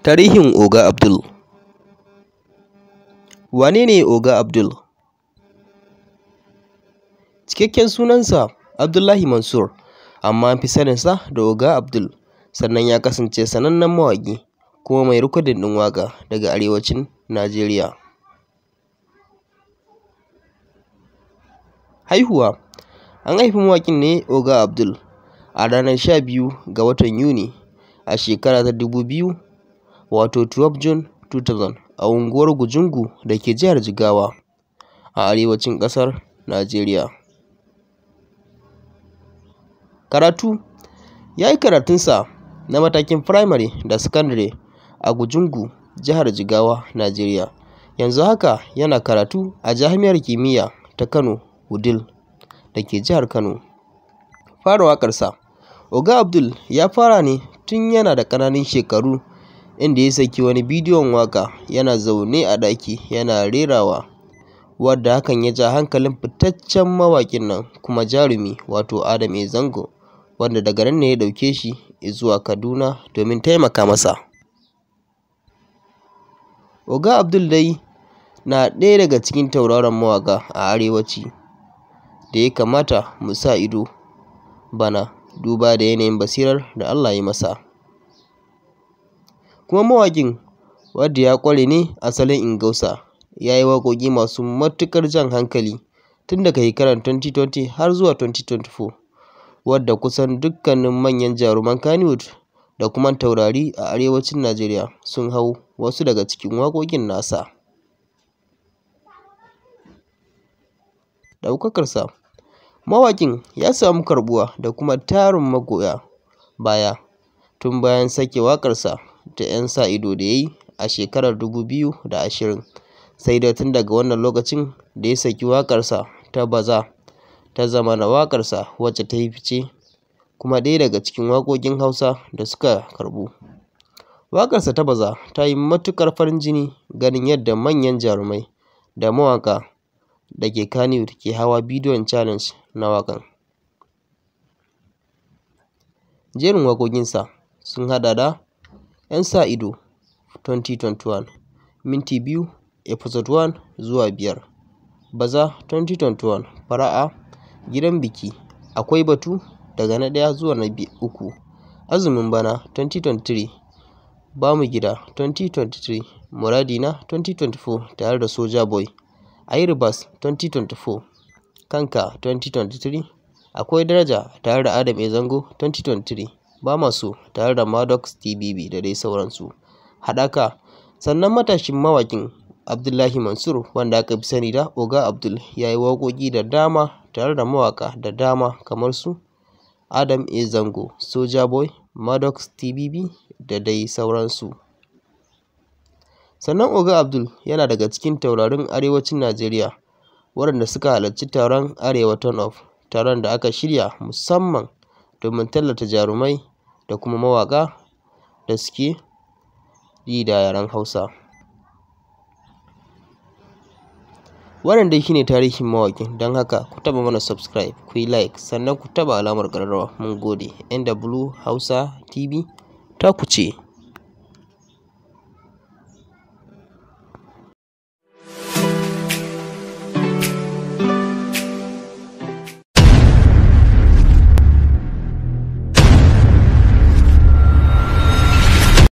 Tarihin Oga Abdul Wane ne Oga Abdul? Cikakken sunansa Abdullahi Mansur, amma an fi saninsa da Oga Abdul, sannan ya kasance sanannen mawaƙi kuma mai rikodin ɗin waƙa daga arewacin Najeriya. Haihuwa An haifi mawaƙin ne Oga Abdul a ranar sha biyu ga watan Yuni a shekara ta dubu biyu wato 12 June 2000 a unguwar Gujungu da ke jihar Jigawa a arewacin ƙasar Najeriya. Karatu ya yi karatunsa na matakin firamare da sakandare a Gujungu, jihar Jigawa, Najeriya. Yanzu haka yana karatu a Jami'ar Kimiyya ta Kano Wudil da ke jihar Kano. Fara waƙarsa, Oga Abdul ya fara ne tun yana da ƙananan shekaru inda ya saki wani bidiyon waka yana zaune a ɗaki yana rerawa, wadda hakan ya ja hankalin fitaccen mawaƙin nan kuma jarumi wato Adam A. Zango, wanda daga nan ne ya ɗauke shi zuwa Kaduna domin taimaka masa. Oga Abdul dai na ɗaya daga cikin tauraron mawaka a Arewaci da ya kamata mu sa ido bana duba da yanayin basirar da Allah ya masa. Kuma mawaƙin wanda ya ƙware ne asalin ingausa ya yi waƙoƙi masu matuƙar jan hankali tun daga shekarar 2020 har zuwa 2024, wadda kusan dukkanin manyan jaruman Kannywood da kuma taurari a arewacin Najeriya sun hau wasu daga cikin waƙoƙin nasa. Ɗaukakarsa, mawaƙin ya samu karɓuwa da kuma tarin magoya baya tun bayan sake waƙarsa. Da 'yan sa ido da ya yi a shekarar 2020, sai dai tun daga wannan lokacin da ya saki waƙarsa ta "Baza" ta zamana waƙarsa wacce ta yi fice kuma ɗaya daga cikin waƙoƙin Hausa da suka karɓu. Waƙarsa ta "Baza" ta yi matuƙar farin jini ganin yadda manyan jarumai da mawaƙa da ke Kannywood ke hawa bidiyon challenge na waƙar. Jerin waƙoƙinsa sun haɗa da 'Yan sa ido 2021: Minti biyu Episode 1 zuwa 5: Baza 2021: Fara'a, Gidan biki, Akwai batu (daga na ɗaya zuwa na uku), Azumin bana 2023: Bamu gida 2023: Muradina 2024 tare da Soja Boy, Airbus 2024: Kanka 2023: Akwai daraja tare da Adam ezango Zango 2023. so tare da Maddox TBB da dai sauransu. Haɗaka Sannan matashin mawakin Abdullahi Mansur wanda aka fi sani da Oga Abdul ya yi waƙoƙi da dama tare da mawaƙa da dama kamar su Adam A Zango, soja Boy, Maddox TBB da dai sauransu. Sannan Oga Abdul yana daga cikin taurarin Arewacin Najeriya waɗanda suka halarci taron Arewa Turn taron da aka shirya musamman domin tallata jarumai da kuma mawaƙa da suke yi da yaren Hausa. Wannan dai shi tarihin mawaƙin, don haka ku taɓa mana subscribe, kuyi like, sannan ku taɓa alamar ƙararrawa. Mun gode. NW Hausa TV taku ce.